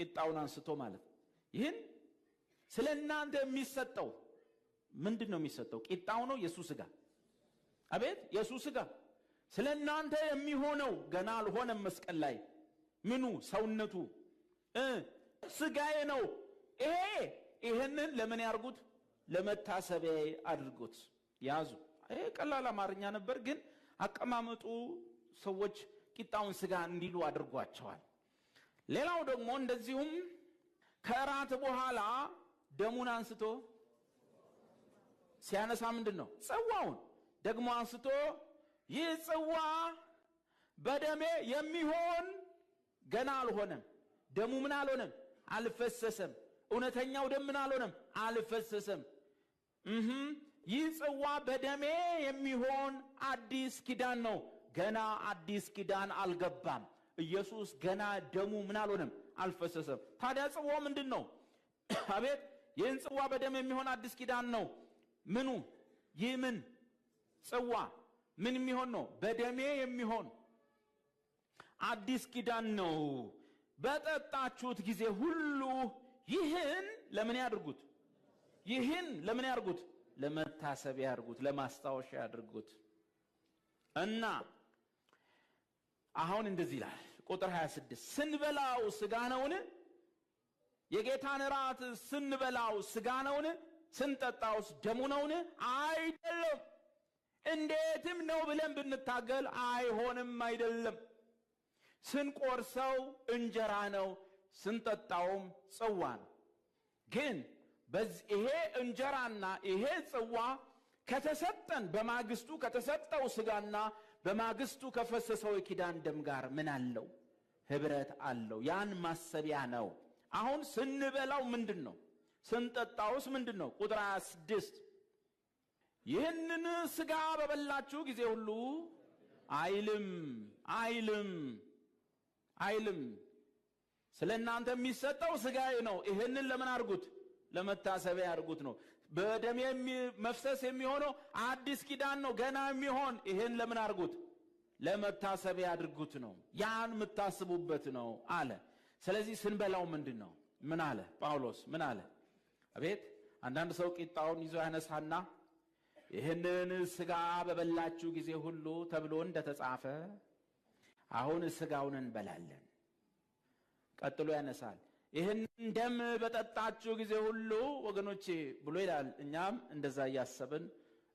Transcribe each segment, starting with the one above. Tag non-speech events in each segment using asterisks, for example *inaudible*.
ቂጣውን አንስቶ ማለት ይህን ስለ እናንተ የሚሰጠው ምንድን ነው የሚሰጠው? ቂጣው ነው የእሱ ስጋ። አቤት የእሱ ስጋ ስለ እናንተ የሚሆነው ገና አልሆነም። መስቀል ላይ ምኑ ሰውነቱ ስጋዬ ነው ይሄ። ይህንን ለምን ያርጉት? ለመታሰቢያ አድርጎት ያዙ። ይሄ ቀላል አማርኛ ነበር፣ ግን አቀማመጡ ሰዎች ቂጣውን ስጋ እንዲሉ አድርጓቸዋል። ሌላው ደግሞ እንደዚሁም ከእራት በኋላ ደሙን አንስቶ ሲያነሳ ምንድን ነው? ጽዋውን ደግሞ አንስቶ ይህ ጽዋ በደሜ የሚሆን ገና አልሆነም። ደሙ ምን አልሆነም? አልፈሰሰም። እውነተኛው ደም ምን አልሆነም? አልፈሰሰም። ይህ ጽዋ በደሜ የሚሆን አዲስ ኪዳን ነው። ገና አዲስ ኪዳን አልገባም። ኢየሱስ ገና ደሙ ምን አልሆነም አልፈሰሰም። ታዲያ ጽዋው ምንድን ነው? *coughs* አቤት ይህን ጽዋ በደም የሚሆን አዲስ ኪዳን ነው። ምኑ ይህ ምን ጽዋ ምን የሚሆን ነው? በደሜ የሚሆን አዲስ ኪዳን ነው። በጠጣችሁት ጊዜ ሁሉ ይህን ለምን ያድርጉት? ይህን ለምን ያድርጉት? ለመታሰብ ያድርጉት፣ ለማስታወሻ ያድርጉት እና አሁን እንደዚህ ይላል ቁጥር 26 ስንበላው ስጋ ነውን? የጌታን እራት ስንበላው ስጋ ነውን? ስንጠጣውስ ደሙ ነውን? አይደለም። እንዴትም ነው ብለን ብንታገል አይሆንም፣ አይደለም። ስንቆርሰው እንጀራ ነው፣ ስንጠጣውም ጽዋ ነው። ግን ይሄ እንጀራና ይሄ ጽዋ ከተሰጠን በማግስቱ ከተሰጠው ስጋና በማግስቱ ከፈሰሰው የኪዳን ደም ጋር ምን አለው? ህብረት አለው። ያን ማሰቢያ ነው። አሁን ስንበላው ምንድን ነው? ስንጠጣውስ ምንድን ነው? ቁጥር 26 ይህንን ስጋ በበላችሁ ጊዜ ሁሉ አይልም አይልም አይልም ስለ እናንተ የሚሰጠው ስጋዬ ነው። ይህንን ለምን አድርጉት? ለመታሰቢያ አድርጉት ነው። በደም መፍሰስ የሚሆነው አዲስ ኪዳን ነው ገና የሚሆን ይሄን ለምን አድርጉት? ለመታሰቢያ አድርጉት ነው ያን የምታስቡበት ነው አለ። ስለዚህ ስንበላው ምንድን ነው ምን አለ ጳውሎስ ምን አለ? አቤት አንዳንድ ሰው ቂጣውን ይዞ ያነሳና ይህንን ስጋ በበላችሁ ጊዜ ሁሉ ተብሎ እንደተጻፈ አሁን ስጋውን እንበላለን። ቀጥሎ ያነሳል ይህን ደም በጠጣችሁ ጊዜ ሁሉ ወገኖቼ ብሎ ይላል። እኛም እንደዛ እያሰብን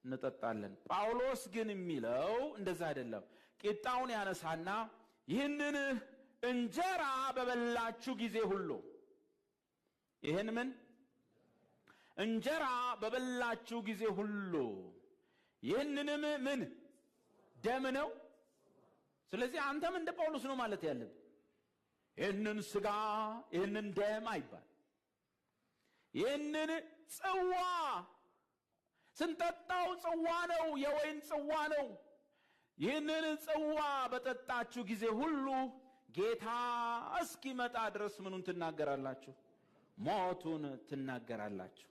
እንጠጣለን። ጳውሎስ ግን የሚለው እንደዛ አይደለም። ቂጣውን ያነሳና ይህንን እንጀራ በበላችሁ ጊዜ ሁሉ ይህን ምን እንጀራ በበላችሁ ጊዜ ሁሉ ይህንንም ምን ደም ነው። ስለዚህ አንተም እንደ ጳውሎስ ነው ማለት ያለብህ ይህንን ስጋ ይህንን ደም አይባል። ይህንን ጽዋ ስንጠጣው ጽዋ ነው፣ የወይን ጽዋ ነው። ይህንን ጽዋ በጠጣችሁ ጊዜ ሁሉ ጌታ እስኪመጣ ድረስ ምኑን ትናገራላችሁ? ሞቱን ትናገራላችሁ።